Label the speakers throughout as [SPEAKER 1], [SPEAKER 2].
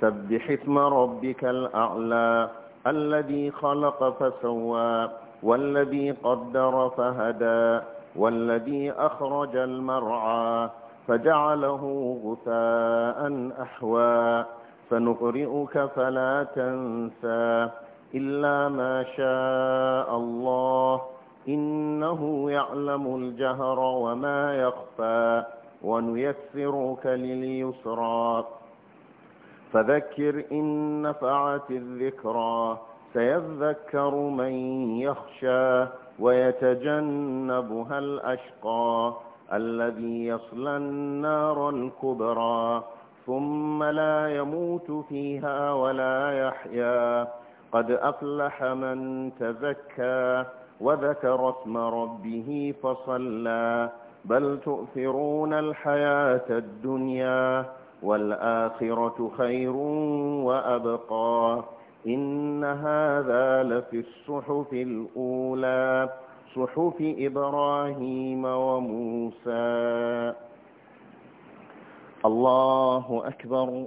[SPEAKER 1] سبح اسم ربك الأعلى الذي خلق فسوى والذي قدر فهدى والذي أخرج المرعى فجعله غثاء أحوى فنقرئك فلا تنسى إلا ما شاء الله إنه يعلم الجهر وما يخفى ونيسرك لليسرى فذكر إن نفعت الذكرى سيذكر من يخشى ويتجنبها الأشقى الذي يصلى النار الكبرى ثم لا يموت فيها ولا يحيا قد أفلح من تزكى وذكر اسم ربه فصلى بل تؤثرون الحياة الدنيا والآخرة خير وأبقى إن هذا لفي الصحف الأولى صحف إبراهيم وموسى الله أكبر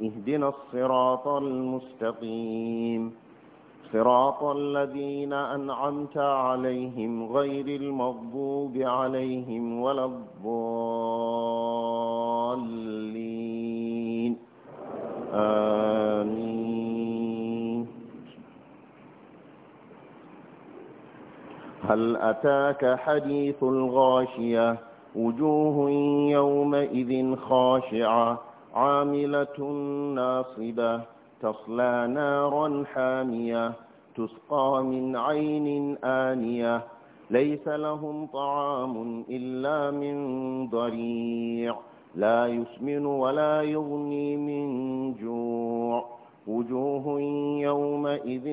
[SPEAKER 1] اهدنا الصراط المستقيم صراط الذين أنعمت عليهم غير المغضوب عليهم ولا الضالين آمين هل أتاك حديث الغاشية وجوه يومئذ خاشعة عاملة ناصبة تصلى نارا حامية تسقى من عين آنية ليس لهم طعام إلا من ضريع لا يسمن ولا يغني من جوع وجوه يومئذ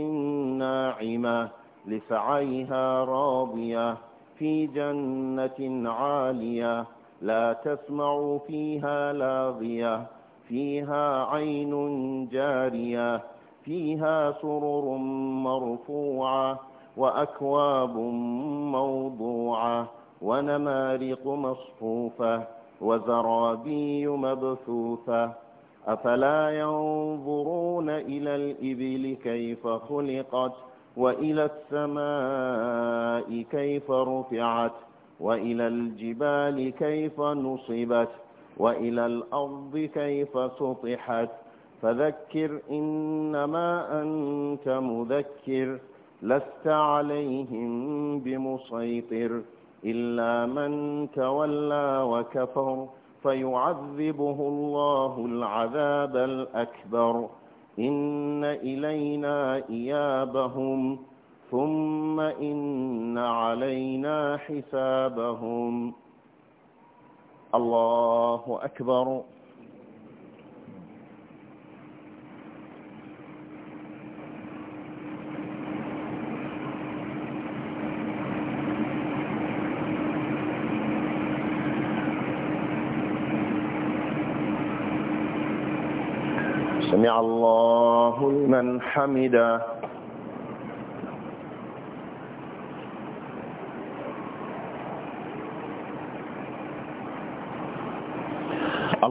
[SPEAKER 1] ناعمة لسعيها راضية في جنة عالية لا تسمع فيها لاغية فيها عين جارية فيها سرر مرفوعة وأكواب موضوعة ونمارق مصفوفة وزرابي مبثوثة أفلا ينظرون إلى الإبل كيف خلقت وإلى السماء كيف رفعت وإلى الجبال كيف نصبت وإلى الأرض كيف سطحت فذكر إنما أنت مذكر لست عليهم بمسيطر إلا من تولى وكفر فيعذبه الله العذاب الأكبر إن إلينا إيابهم ثم إن علينا حسابهم الله أكبر سمع الله لمن حمده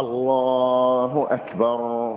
[SPEAKER 1] الله أكبر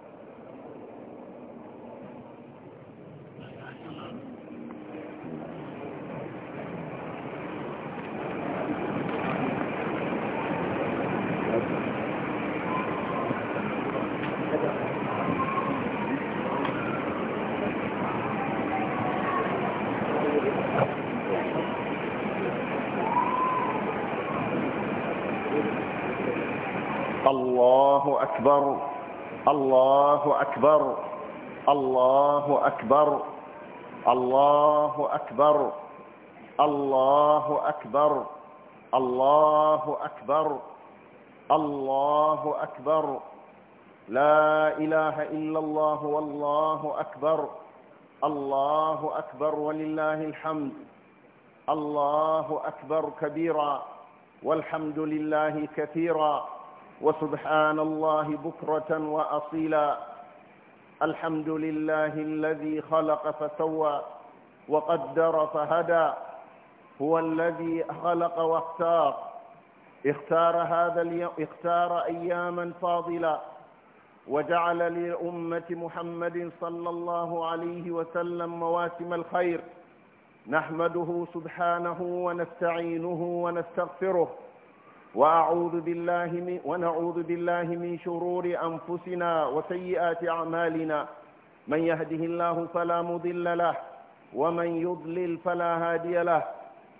[SPEAKER 1] الله أكبر الله أكبر الله أكبر الله أكبر الله أكبر الله أكبر الله أكبر لا إله إلا الله والله
[SPEAKER 2] أكبر الله أكبر ولله الحمد الله أكبر كبيرا والحمد لله كثيرا وسبحان الله بكرة وأصيلا الحمد لله الذي خلق فسوى وقدر فهدى هو الذي خلق واختار اختار هذا اليوم اختار أياما فاضلا وجعل لأمة محمد صلى الله عليه وسلم مواسم الخير نحمده سبحانه ونستعينه ونستغفره وأعوذ بالله من ونعوذ بالله من شرور أنفسنا وسيئات أعمالنا من يهده الله فلا مضل له ومن يضلل فلا هادي له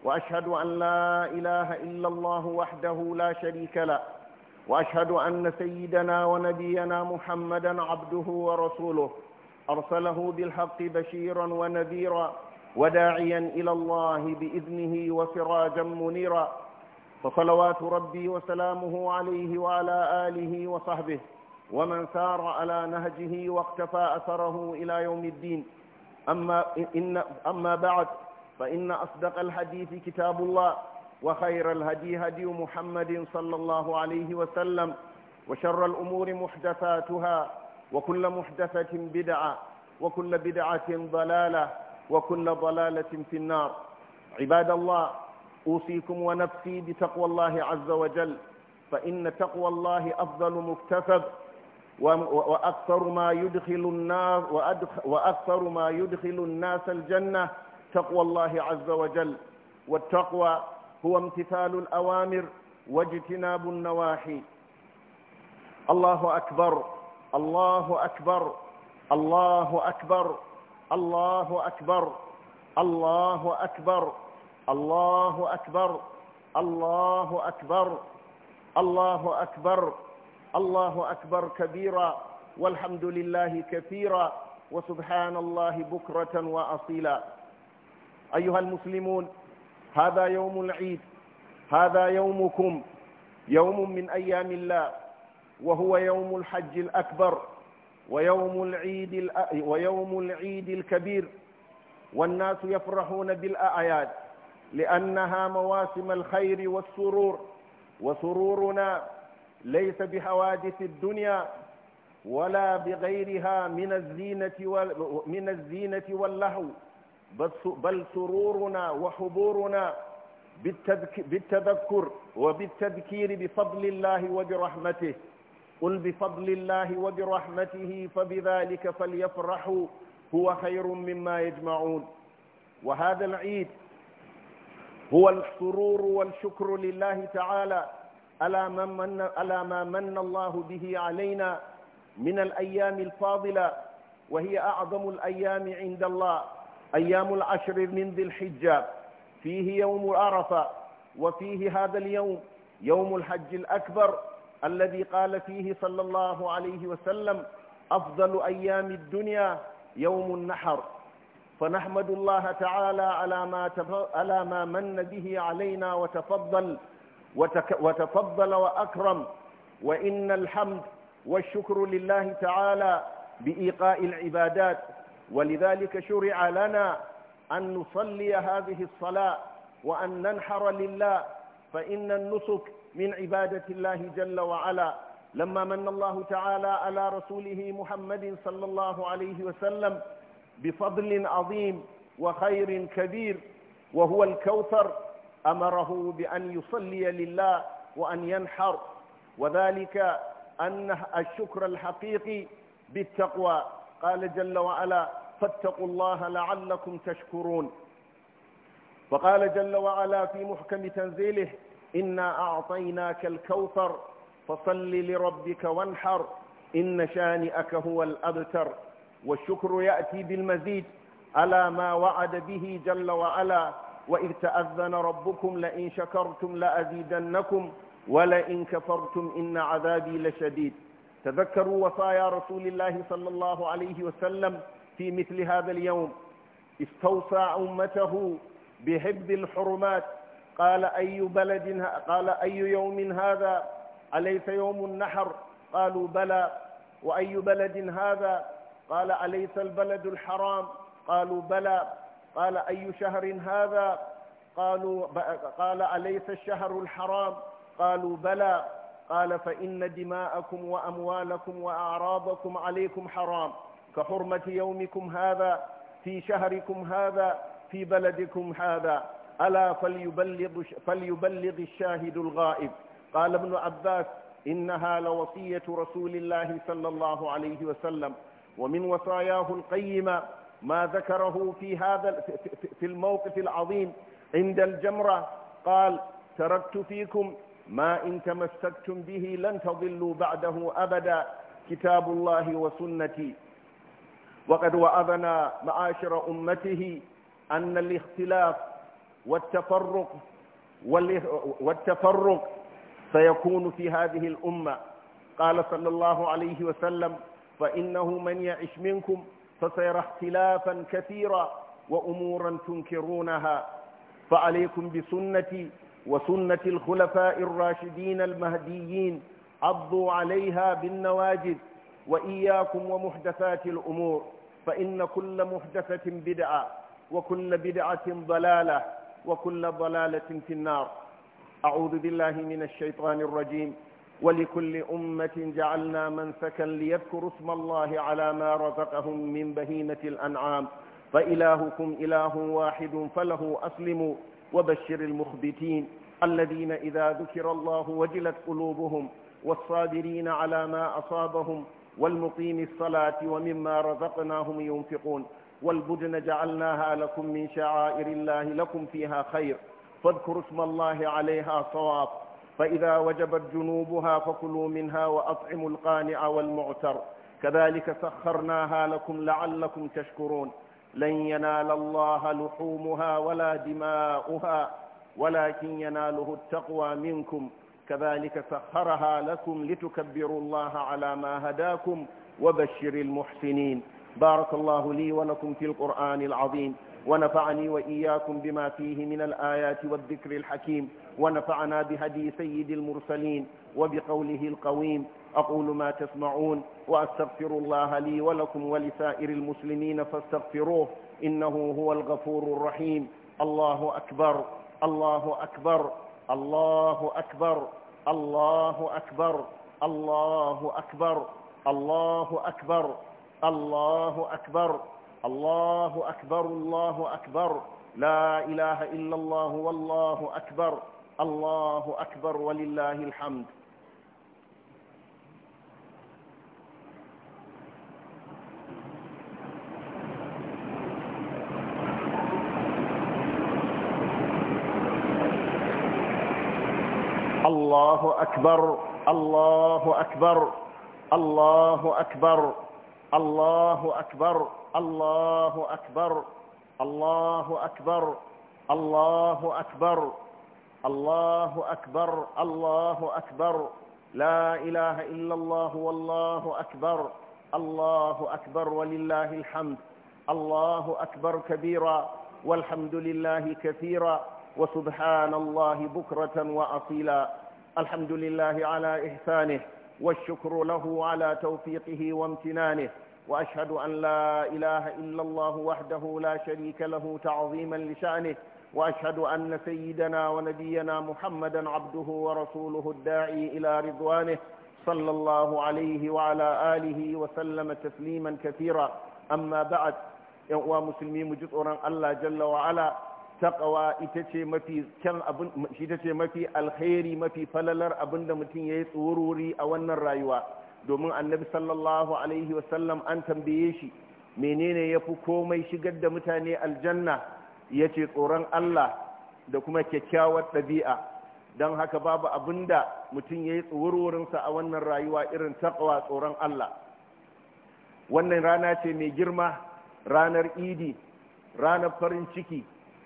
[SPEAKER 2] وأشهد أن لا إله إلا الله وحده لا شريك له وأشهد أن سيدنا ونبينا محمدا عبده ورسوله أرسله بالحق بشيرا ونذيرا وداعيا إلى الله بإذنه وسراجا منيرا فصلوات ربي وسلامه عليه وعلى آله وصحبه ومن سار على نهجه واقتفى أثره إلى يوم الدين أما, إن أما بعد فإن أصدق الحديث كتاب الله وخير الهدي هدي محمد صلى الله عليه وسلم وشر الأمور محدثاتها وكل محدثة بدعة وكل بدعة ضلالة وكل ضلالة في النار عباد الله أوصيكم ونفسي بتقوى الله عز وجل فإن تقوى الله أفضل مكتسب وأكثر ما يدخل الناس وأكثر ما يدخل الناس الجنة تقوى الله عز وجل والتقوى هو امتثال الأوامر واجتناب النواحي الله أكبر الله أكبر الله أكبر الله أكبر الله أكبر الله أكبر الله أكبر الله أكبر الله أكبر كبيرا والحمد لله كثيرا وسبحان الله بكرة وأصيلا أيها المسلمون هذا يوم العيد هذا يومكم يوم من أيام الله وهو يوم الحج الأكبر ويوم العيد, ويوم العيد الكبير والناس يفرحون بالأعياد لأنها مواسم الخير والسرور وسرورنا ليس بحوادث الدنيا ولا بغيرها من الزينة من الزينة واللهو بل سرورنا وحبورنا بالتذكر وبالتذكير بفضل الله وبرحمته قل بفضل الله وبرحمته فبذلك فليفرحوا هو خير مما يجمعون وهذا العيد هو السرور والشكر لله تعالى على ما من, على ما من الله به علينا من الأيام الفاضلة وهي أعظم الأيام عند الله أيام العشر من ذي الحجة فيه يوم عرفة وفيه هذا اليوم يوم الحج الأكبر الذي قال فيه صلى الله عليه وسلم أفضل أيام الدنيا يوم النحر فنحمد الله تعالى على ما على ما من به علينا وتفضل وتفضل وأكرم وإن الحمد والشكر لله تعالى بإيقاء العبادات ولذلك شرع لنا أن نصلي هذه الصلاة وأن ننحر لله فإن النسك من عبادة الله جل وعلا لما من الله تعالى على رسوله محمد صلى الله عليه وسلم بفضل عظيم وخير كبير وهو الكوثر أمره بأن يصلي لله وأن ينحر وذلك أن الشكر الحقيقي بالتقوى قال جل وعلا فاتقوا الله لعلكم تشكرون وقال جل وعلا في محكم تنزيله إنا أعطيناك الكوثر فصل لربك وانحر إن شانئك هو الأبتر والشكر يأتي بالمزيد ألا ما وعد به جل وعلا وإذ تأذن ربكم لئن شكرتم لأزيدنكم ولئن كفرتم إن عذابي لشديد تذكروا وصايا رسول الله صلى الله عليه وسلم في مثل هذا اليوم استوصى أمته بحفظ الحرمات قال أي بلد قال أي يوم هذا أليس يوم النحر قالوا بلى وأي بلد هذا قال أليس البلد الحرام قالوا بلى قال أي شهر هذا قالوا قال أليس الشهر الحرام قالوا بلى قال فإن دماءكم وأموالكم وأعراضكم عليكم حرام كحرمة يومكم هذا في شهركم هذا في بلدكم هذا ألا فليبلغ, فليبلغ الشاهد الغائب قال ابن عباس إنها لوصية رسول الله صلى الله عليه وسلم ومن وصاياه القيمة ما ذكره في هذا في الموقف العظيم عند الجمرة قال تركت فيكم ما إن تمسكتم به لن تضلوا بعده أبدا كتاب الله وسنتي وقد وعظنا معاشر أمته أن الاختلاف والتفرق والتفرق سيكون في هذه الأمة قال صلى الله عليه وسلم فإنه من يعش منكم فسيرى اختلافا كثيرا وأمورا تنكرونها فعليكم بسنتي وسنة الخلفاء الراشدين المهديين عضوا عليها بالنواجذ وإياكم ومحدثات الأمور فإن كل محدثة بدعة وكل بدعة ضلالة وكل ضلالة في النار أعوذ بالله من الشيطان الرجيم ولكل أمة جعلنا منسكا ليذكروا اسم الله على ما رزقهم من بهيمة الأنعام فإلهكم إله واحد فله أسلموا وبشر المخبتين الذين إذا ذكر الله وجلت قلوبهم والصابرين على ما أصابهم والمقيم الصلاة ومما رزقناهم ينفقون والبدن جعلناها لكم من شعائر الله لكم فيها خير فاذكروا اسم الله عليها صواب فإذا وجبت جنوبها فكلوا منها وأطعموا القانع والمعتر كذلك سخرناها لكم لعلكم تشكرون لن ينال الله لحومها ولا دماؤها ولكن يناله التقوى منكم كذلك سخرها لكم لتكبروا الله على ما هداكم وبشر المحسنين بارك الله لي ولكم في القرآن العظيم ونفعني وإياكم بما فيه من الآيات والذكر الحكيم ونفعنا بهدي سيد المرسلين وبقوله القويم أقول ما تسمعون وأستغفر الله لي ولكم ولسائر المسلمين فاستغفروه إنه هو الغفور الرحيم الله أكبر الله أكبر الله أكبر الله أكبر الله أكبر الله أكبر الله أكبر الله أكبر الله أكبر لا إله إلا الله والله أكبر الله أكبر ولله الحمد
[SPEAKER 1] الله أكبر الله أكبر الله أكبر الله أكبر
[SPEAKER 2] الله أكبر الله أكبر الله أكبر الله أكبر الله أكبر لا إله إلا الله والله أكبر الله أكبر ولله الحمد الله أكبر كبيرا والحمد لله كثيرا وسبحان الله بكرة وأصيلا الحمد لله على إحسانه والشكر له على توفيقه وامتنانه وأشهد أن لا إله إلا الله وحده لا شريك له تعظيما لشأنه وأشهد أن سيدنا ونبينا محمدا عبده ورسوله الداعي إلى رضوانه صلى الله عليه وعلى آله وسلم تسليما كثيرا أما بعد يقوى مسلمين جزءرا الله جل وعلا تقوى إتتي ما في الخير ما في فللر أبن دمتين يتوروري أولنا الرأيوة دومن النبي صلى الله عليه وسلم أنتم بيشي منين يفو ما شقد متاني الجنة ya ce tsoron Allah da kuma kyakkyawar ɗabi'a don haka babu abin da mutum ya yi tsuwurwurinsa a wannan rayuwa irin taɓawa tsoron Allah wannan rana ce mai girma ranar idi ranar farin ciki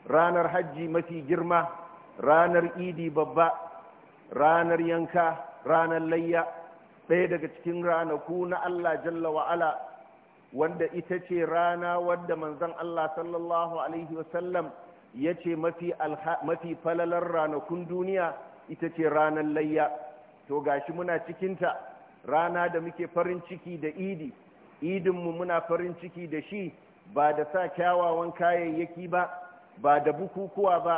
[SPEAKER 2] ranar hajji mafi girma ranar idi babba ranar yanka ranar layya ɗaya daga cikin ranaku na Allah jalla wa'ala wanda ita ce rana wadda manzon Allah sallallahu alaihi wasallam ya ce mafi falalar ranakun duniya ita ce ranar layya to gashi muna cikinta rana da muke farin ciki da idi idinmu muna farin ciki da shi ba da sa kyawawan kayayyaki ba ba da bukukuwa ba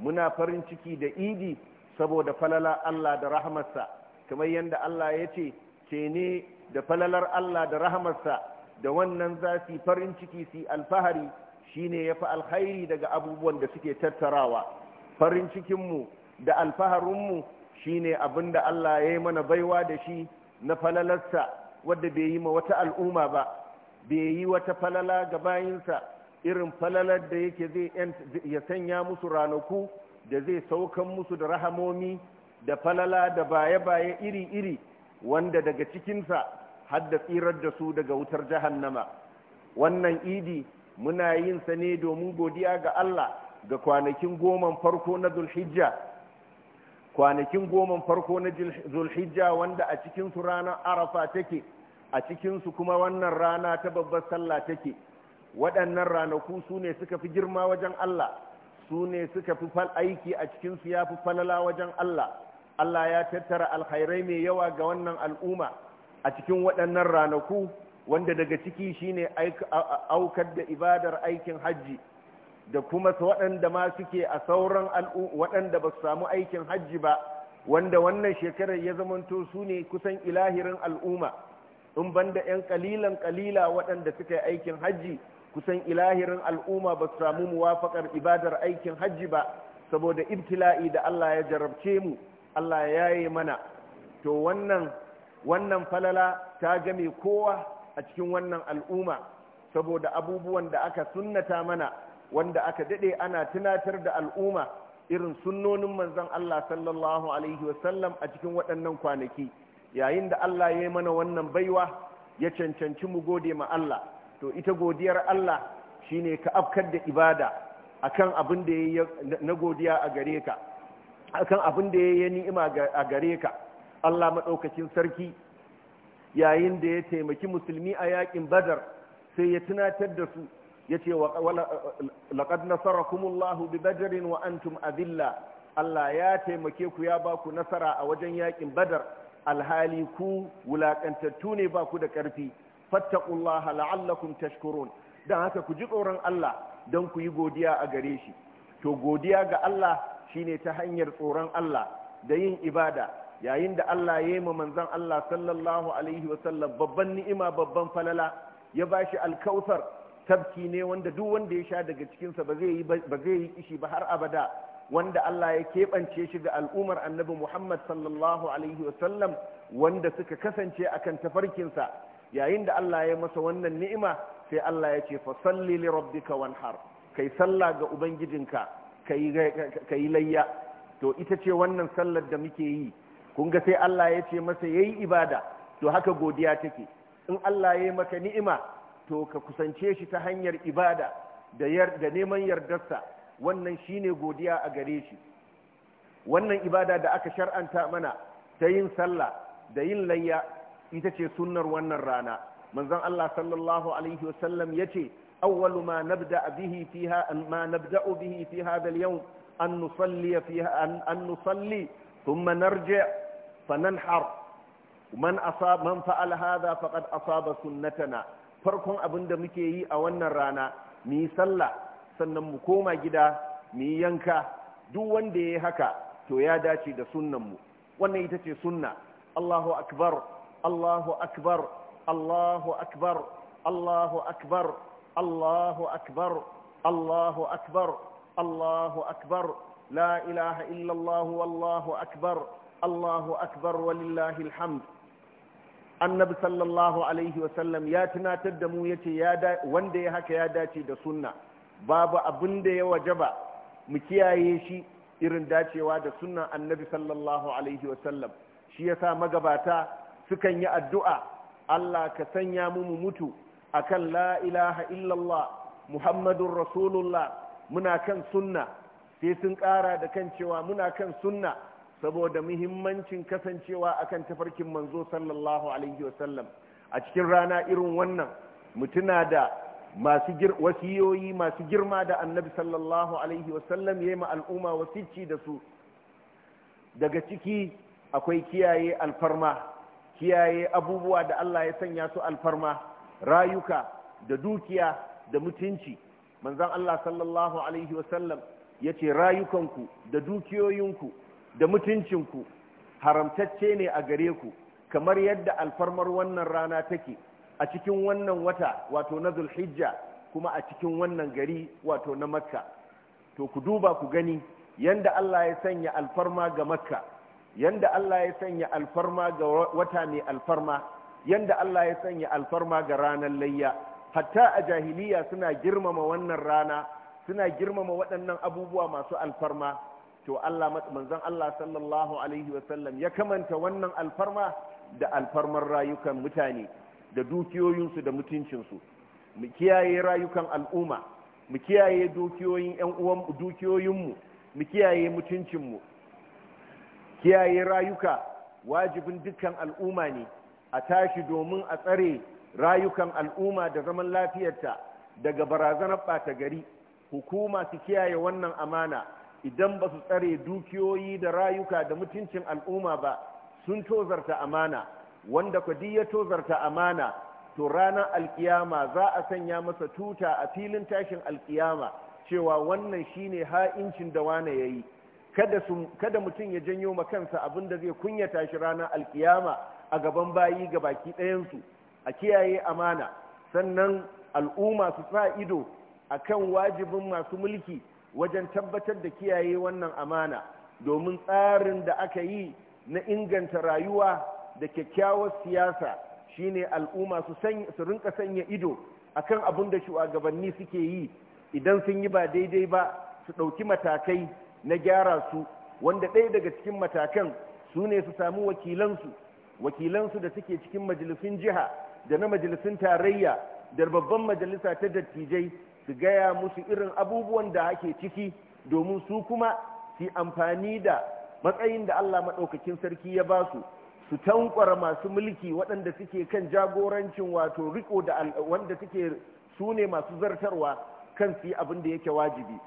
[SPEAKER 2] muna farin ciki da idi saboda falala Allah da rahamarsa kamar yadda Allah ya ce ce ne da falalar Allah da rahamarsa da wannan za su farin ciki su alfahari shine ya fi alkhairi daga abubuwan da suke tattarawa farin cikinmu da alfaharinmu shine abin da Allah ya yi mana baiwa da shi na falalarsa wadda bai yi ma wata al'umma ba bai yi wata falala ga bayinsa irin falalar da yake zai ya sanya musu ranaku da zai saukan musu da rahamomi da falala da baye-baye iri-iri wanda daga cikinsa har da tsirar da su daga wutar jahannama wannan idi muna yin sa ne domin godiya ga Allah ga kwanakin goman farko na zulhijja kwanakin goman farko na zulhijja wanda a cikinsu ranar arafa take a cikinsu kuma wannan rana ta babbar sallah take waɗannan ranaku su ne suka fi girma wajen Allah su ne suka fi fal aiki a cikinsu ya fi falala wajen Allah Allah ya tattara alkhairai mai yawa ga wannan al'umma a cikin waɗannan ranaku wanda daga ciki shine aukar da ibadar aikin hajji da kuma waɗanda ma suke a sauran waɗanda ba su samu aikin hajji ba wanda wannan shekarar ya zamanto su ne kusan ilahirin al'umma in banda 'yan kalilan kalila waɗanda suka yi aikin hajji kusan ilahirin al'umma ba su samu muwafakar ibadar aikin hajji ba saboda ibtila'i da Allah ya jarabce mu Allah ya yi mana to wannan wannan falala ta game kowa a cikin wannan al'umma saboda abubuwan da aka sunnata mana wanda aka dade ana tunatar da al'umma irin sunnonin manzon Allah sallallahu alaihi wasallam a cikin waɗannan kwanaki yayin da Allah ya yi mana wannan baiwa ya cancanci mu gode ma Allah to ita godiyar Allah shine ka afkar da ibada akan abin da ya na godiya a gare ka akan abin da ya yi ni'ima a gare ka Allah maɗaukacin sarki yayin da ya taimaki musulmi a yakin badar sai ya tunatar da su ya ce laƙad nasarakumullahu bi badarin wa antum adilla Allah ya taimake ku ya ba ku nasara a wajen yakin badar alhali ku wulaƙantattu ne ba ku da ƙarfi fattaqullaha la'allakum tashkurun dan haka ku ji tsoron Allah don ku yi godiya a gare shi to godiya ga Allah shine ta hanyar tsoron Allah da yin ibada yayin da Allah ya yi ma manzon Allah sallallahu alaihi wasallam babban ni'ima babban falala ya ba shi alkautar tabki ne wanda duk wanda ya sha daga cikinsa ba zai yi ishi ba har abada wanda Allah ya keɓance shi ga al'umar annabi Muhammad sallallahu alaihi wasallam wanda suka kasance akan tafarkinsa yayin da Allah ya masa wannan ni'ima sai Allah ya ce fasalli li rabbika wanhar kai sallah ga ubangijinka kai layya to ita ce wannan sallar da muke yi kun ga sai Allah ya ce masa yayi ibada to haka godiya take in Allah ya yi maka ni'ima to ka kusance shi ta hanyar ibada da da neman yardarsa wannan shine godiya a gare shi wannan ibada da aka shar'anta mana ta yin sallah da yin layya ita ce sunnar wannan rana manzon Allah sallallahu alaihi wasallam yace awwalu ma nabda bihi fiha ma nabda'u bihi fi hadha al-yawm an nusalli fiha an nusalli ثم نرجع فننحر من أصاب من فعل هذا فقد أصاب سنتنا فركم أبن دمكي أولنا رانا مي صلى سنة مكومة جدا مي ينكا دوان دي هكا تو يا داشي دا سنة وانا يتشي سنة الله أكبر الله أكبر الله أكبر الله أكبر الله أكبر الله أكبر الله أكبر لا إله إلا الله والله أكبر Allahu akbar walillahi alhamd annabi sallallahu alaihi wasallam ya tunatar da mu ya ce wanda ya haka ya dace da sunna babu abin da ya wajaba mu kiyaye shi irin dacewa da sunna annabi sallallahu alaihi wasallam shi yasa magabata sukan yi addu'a Allah ka sanya mu mu mutu akan la ilaha illallah muhammadun rasulullah muna kan sunna sai sun ƙara da kan cewa muna kan sunna saboda muhimmancin kasancewa akan tafarkin manzo sallallahu alaihi wasallam a cikin rana irin wannan mutuna da masu wasiyoyi masu girma da annabi sallallahu alaihi wasallam ya yi ma al'umma wasicci da su daga ciki akwai kiyaye alfarma kiyaye abubuwa da Allah ya sanya su alfarma rayuka da dukiya da mutunci manzon Allah sallallahu alaihi wasallam ya ce rayukanku da dukiyoyinku da mutuncinku haramtacce ne a gare ku kamar yadda alfarmar wannan rana take a cikin wannan wata wato na zulhijja kuma a cikin wannan gari wato na makka to ku duba ku gani yanda Allah ya sanya alfarma ga makka yanda Allah ya sanya alfarma ga wata mai alfarma yanda Allah ya sanya alfarma ga ranar layya hatta a jahiliya suna girmama wannan rana suna girmama waɗannan abubuwa masu alfarma to Allah manzon Allah sallallahu alaihi wasallam ya kamanta wannan alfarma da alfarmar rayukan mutane da dukiyoyinsu da mutuncinsu mu kiyaye rayukan al'umma mu kiyaye dukiyoyin 'yan uwan dukiyoyinmu mu kiyaye mutuncinmu kiyaye rayuka wajibin dukkan al'umma ne a tashi domin a tsare rayukan al'umma da zaman lafiyarta daga barazanar ɓata gari hukuma su kiyaye wannan amana idan ba su tsare dukiyoyi da rayuka da mutuncin al'umma ba sun tozarta amana wanda kwadi ya tozarta amana to ranar alkiyama za a sanya masa tuta a filin tashin alkiyama cewa wannan shine ha'incin da wane ya yi kada mutum ya janyo makansa abin da zai kunya tashi ranar alkiyama a gaban bayi ga baki ɗayansu a kiyaye amana sannan al'umma su sa ido a kan wajibin masu mulki wajen tabbatar da kiyaye wannan amana domin tsarin da aka yi na inganta rayuwa da kyakkyawar siyasa shine al'umma su rinka sanya ido a kan abin da shugabanni suke yi idan sun yi ba daidai ba su ɗauki matakai na gyara su wanda ɗaya daga cikin matakan su ne su samu wakilansu wakilansu da suke cikin majalisun jiha da na majalisun tarayya da babban majalisa ta dattijai su gaya musu irin abubuwan da ake ciki domin su kuma su amfani da matsayin da Allah maɗaukakin sarki ya ba su su tankwara masu mulki waɗanda suke kan jagorancin wato riko da wanda suke su ne masu zartarwa kan su abin da yake wajibi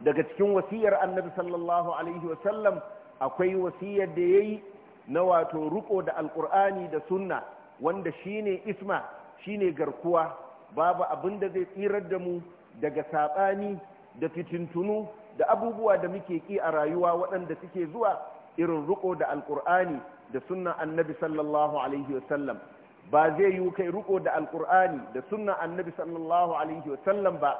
[SPEAKER 2] daga cikin wasiyar annabi sallallahu alaihi wasallam akwai wasiyar da ya yi na wato riko da alkur'ani da sunna wanda shine isma shine garkuwa babu abin da zai tsirar da mu daga saɓani da fitintunu da abubuwa da muke ƙi a rayuwa waɗanda suke zuwa irin riko da alƙur'ani da sunna annabi sallallahu alaihi wasallam ba zai yi kai riko da alƙur'ani da sunna annabi sallallahu alaihi wasallam ba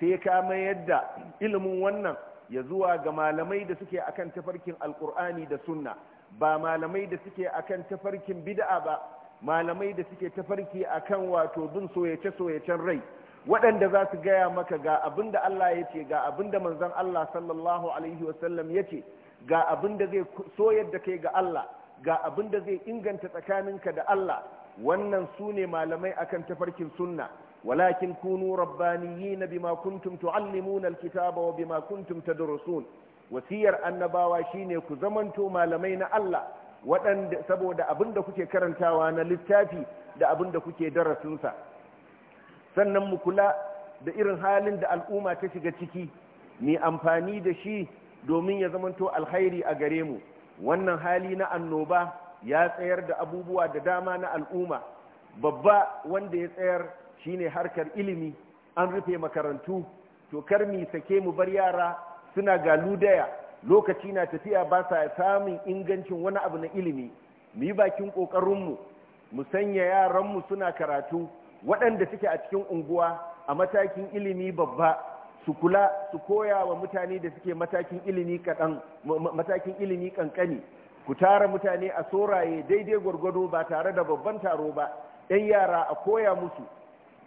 [SPEAKER 2] sai ka mayar da ilimin wannan ya zuwa ga malamai da suke akan tafarkin alƙur'ani da sunna ba malamai da suke akan tafarkin bid'a ba malamai da suke tafarki akan wato bin soyace-soyacen rai waɗanda za su gaya maka ga abin da Allah ya ce ga abin da manzon Allah sallallahu alaihi wasallam ya ce ga abin da zai soyar da kai ga Allah ga abin da zai inganta tsakaninka da Allah wannan su ne malamai akan tafarkin sunna walakin kunu rabbaniyina bima kuntum tuallimuna alkitaba wa bima kuntum tadrusun wasiyar annabawa shine ku zamanto malamai na Allah waɗanda saboda abin da kuke karantawa na littafi da abin da kuke darasinsa sannan mu kula da irin halin da al'umma ta shiga ciki mai amfani da shi domin ya zamanto alkhairi a gare mu wannan hali na annoba ya tsayar da abubuwa da dama na al'umma babba wanda ya tsayar shine harkar ilimi an rufe makarantu to kar mi sake mu bar yara suna galu daya. lokaci na tafiya ba sa samun ingancin wani abu na ilimi mu yi bakin ƙoƙarinmu mu sanya yaranmu suna karatu waɗanda suke a cikin unguwa a matakin ilimi babba su kula su koya wa mutane da suke matakin ilimi kaɗan matakin ilimi ƙanƙani ku tara mutane a soraye daidai gwargwado ba tare da babban taro ba ɗan yara a koya musu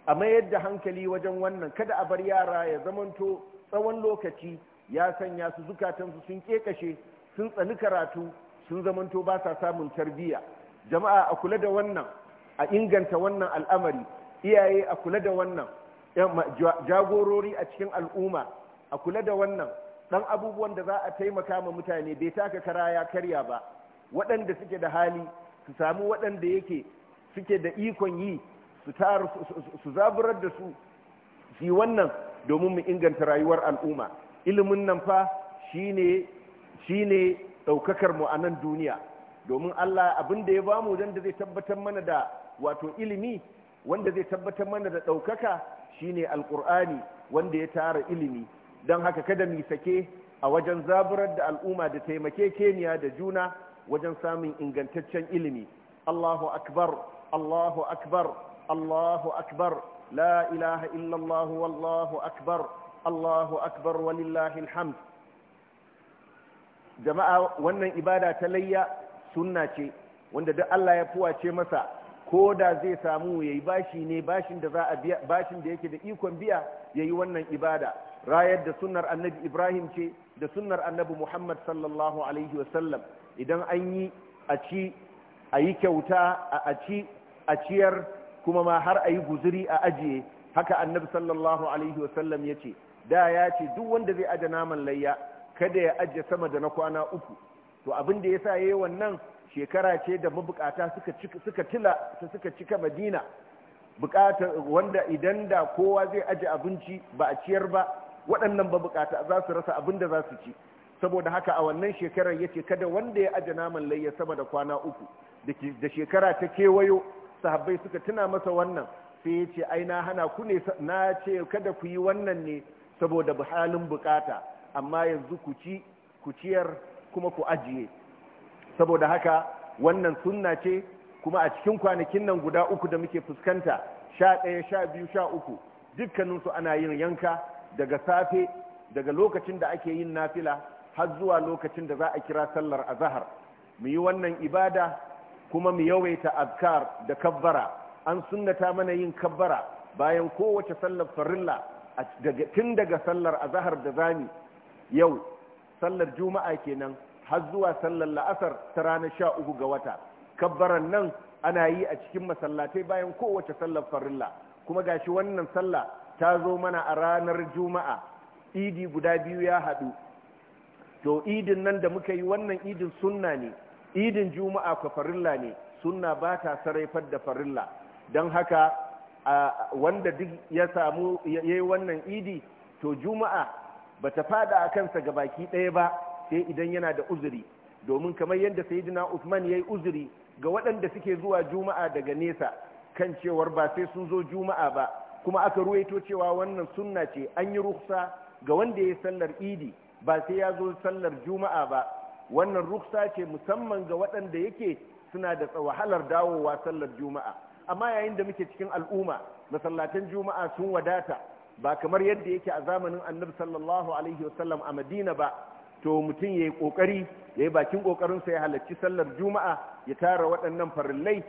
[SPEAKER 2] a mayar da hankali wajen wannan kada a bar yara ya zamanto tsawon lokaci ya sanya su zukatansu sun kekashe sun tsani karatu sun zamanto ba sa samun tarbiya jama'a a kula da wannan a inganta wannan al'amari iyaye a kula da wannan jagorori a cikin al'umma a kula da wannan dan abubuwan da za a taimaka ma mutane bai taka kara ya karya ba waɗanda suke da hali su samu waɗanda yake suke da ikon yi su zaburar da su su yi wannan domin mu inganta rayuwar al'umma ilimin nan fa shi ne daukakar mu a nan duniya domin Allah abin da ya bamu dan da zai tabbatar mana da wato ilimi wanda zai tabbatar mana da ɗaukaka shi ne alƙur'ani wanda ya tara ilimi don haka kada mu sake a wajen zaburar da al'umma da taimake keniya da juna wajen samun ingantaccen ilimi Allahu akbar Allahu akbar Allahu akbar la ilaha illallah wallahu akbar Allahu akbar walillahi alhamd jama'a wannan ibada ta layya sunna ce wanda duk Allah ya fuwace masa ko da zai samu yayi bashi ne bashin da za a biya bashin da yake da ikon biya yayi wannan ibada rayar da sunnar annabi Ibrahim ce da sunnar annabi Muhammad sallallahu alaihi sallam idan an yi a ci a yi kyauta a ci a ciyar kuma ma har a yi guzuri a ajiye haka annabi sallallahu alaihi sallam ya ce da ya ce duk wanda zai aje naman layya kada ya aje sama da na kwana uku to abin da ya sa ya yi wannan shekara ce da mabukata suka tila suka cika madina Bukata wanda idan da kowa zai aje abinci ba a ciyar ba waɗannan bukata za su rasa abin da za su ci saboda haka a wannan shekarar ya ce kada wanda ya aje naman layya sama da kwana uku da shekara ta kewayo sahabbai suka tuna masa wannan sai ya ce ai na hana ku ne na ce kada ku yi wannan ne saboda halin bukata amma yanzu ku ci ku ciyar kuma ku ajiye saboda haka wannan sunna ce kuma a cikin kwanakin nan guda uku da muke fuskanta sha ɗaya sha biyu sha uku dukkaninsu ana yin yanka daga safe daga lokacin da ake yin nafila har zuwa lokacin da za a kira sallar azahar mu yi wannan ibada kuma mu yawaita azkar da kabbara an sunnata mana yin kabbara bayan kowace sallar farilla tun daga sallar azahar da zami yau sallar juma'a kenan har zuwa sallar la'asar ta ranar sha uku ga wata kabbaran nan ana yi a cikin masallatai bayan kowace sallar farilla kuma gashi wannan sallah ta zo mana a ranar juma'a idi guda biyu ya haɗu to idin nan da muka yi wannan idin sunna ne idin juma'a ka farilla ne sunna ba ta saraifar da farilla don haka wanda duk ya samu ya yi wannan idi to juma'a bata fada a kansa ga baki ɗaya ba sai idan yana da uzuri domin kamar yadda sayyidina ya yi uzuri ga waɗanda suke zuwa juma'a daga nesa kan cewar ba sai sun zo juma'a ba kuma aka ruwaito cewa wannan sunna ce an yi ruksa ga wanda ya yi sallar idi ba sai ya zo sallar juma'a ba wannan ruksa ce musamman ga waɗanda yake suna da wahalar dawowa sallar juma'a amma yayin da muke cikin al'umma masallatan juma'a sun wadata ba kamar yadda yake a zamanin annabi sallallahu alaihi wasallam a madina ba to mutum ya yi ƙoƙari ya yi bakin ƙoƙarinsa ya halarci sallar juma'a ya tara waɗannan farillai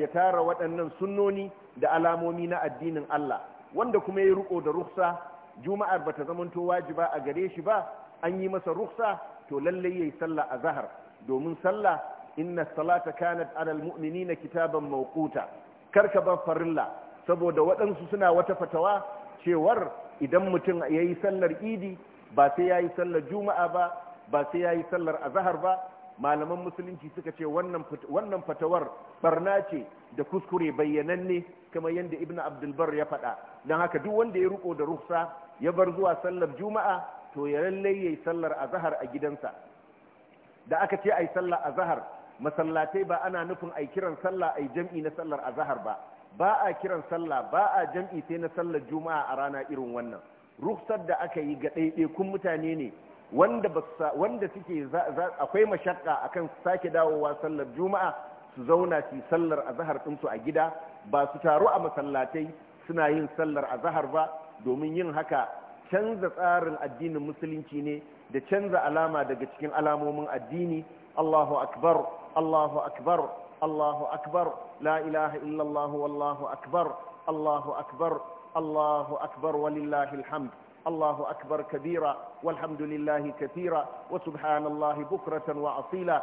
[SPEAKER 2] ya tara waɗannan sunnoni da alamomi na addinin Allah wanda kuma ya riko da ruksa juma'ar bata zamanto wajiba a gare shi ba an yi masa ruksa to lallai ya yi sallah a zahar domin sallah inna salata kanat alal mu'minina kitaban mawquta karka ban farilla saboda waɗansu suna wata fatawa cewar idan mutum yayi sallar idi ba sai yayi sallar juma'a ba ba sai yayi sallar azhar ba malaman musulunci suka ce wannan wannan fatawar barna ce da kuskure bayyananne kamar yadda ibn abdulbar ya faɗa don haka duk wanda ya riko da ruksa ya bar zuwa sallar juma'a to ya lallai ya yi sallar azahar a gidansa da aka ce a yi sallar azahar masallatai ba ana nufin ai kiran sallah ai jam'i na sallar azahar ba ba a kiran sallah ba a jam'i sai na sallar juma'a a rana irin wannan ruksar da aka yi ga ɗaiɗaikun mutane ne wanda wanda suke akwai mashakka akan sake dawowa sallar juma'a su zauna su sallar azhar ɗinsu a gida ba su taru a masallatai suna yin sallar azahar ba domin yin haka canza tsarin addinin musulunci ne da canza alama daga cikin alamomin addini Allahu akbar الله أكبر الله أكبر لا إله إلا الله والله أكبر الله أكبر الله أكبر ولله الحمد الله أكبر كبيرا والحمد لله كثيرا وسبحان الله بكرة وأصيلا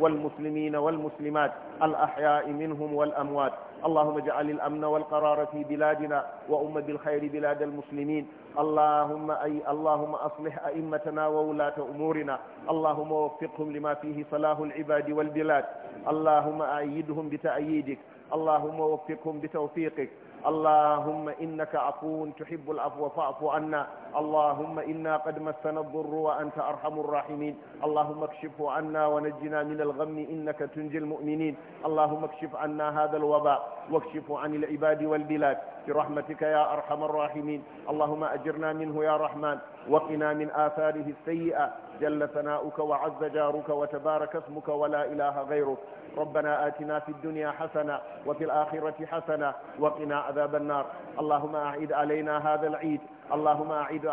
[SPEAKER 2] والمسلمين والمسلمات الأحياء منهم والأموات اللهم اجعل الأمن والقرار في بلادنا وأمة بالخير بلاد المسلمين اللهم أي اللهم أصلح أئمتنا وولاة أمورنا اللهم وفقهم لما فيه صلاح العباد والبلاد اللهم أعيدهم بتأييدك اللهم وفقهم بتوفيقك اللهم إنك عفو تحب العفو فاعف عنا اللهم إنا قد مسنا الضر وأنت أرحم الراحمين اللهم اكشف عنا ونجنا من الغم إنك تنجي المؤمنين اللهم اكشف عنا هذا الوباء واكشف عن العباد والبلاد برحمتك يا أرحم الراحمين اللهم أجرنا منه يا رحمن وقنا من آثاره السيئة جل ثناؤك وعز جارك وتبارك اسمك ولا إله غيرك ربنا آتنا في الدنيا حسنة وفي الآخرة حسنة وقنا عذاب النار اللهم أعيد علينا هذا العيد اللهم أعيده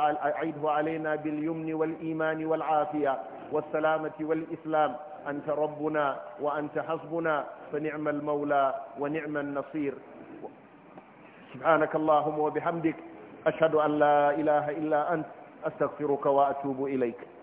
[SPEAKER 2] علينا باليمن والإيمان والعافية والسلامة والإسلام أنت ربنا وأنت حسبنا فنعم المولى ونعم النصير سبحانك اللهم وبحمدك أشهد أن لا إله إلا أنت أستغفرك وأتوب إليك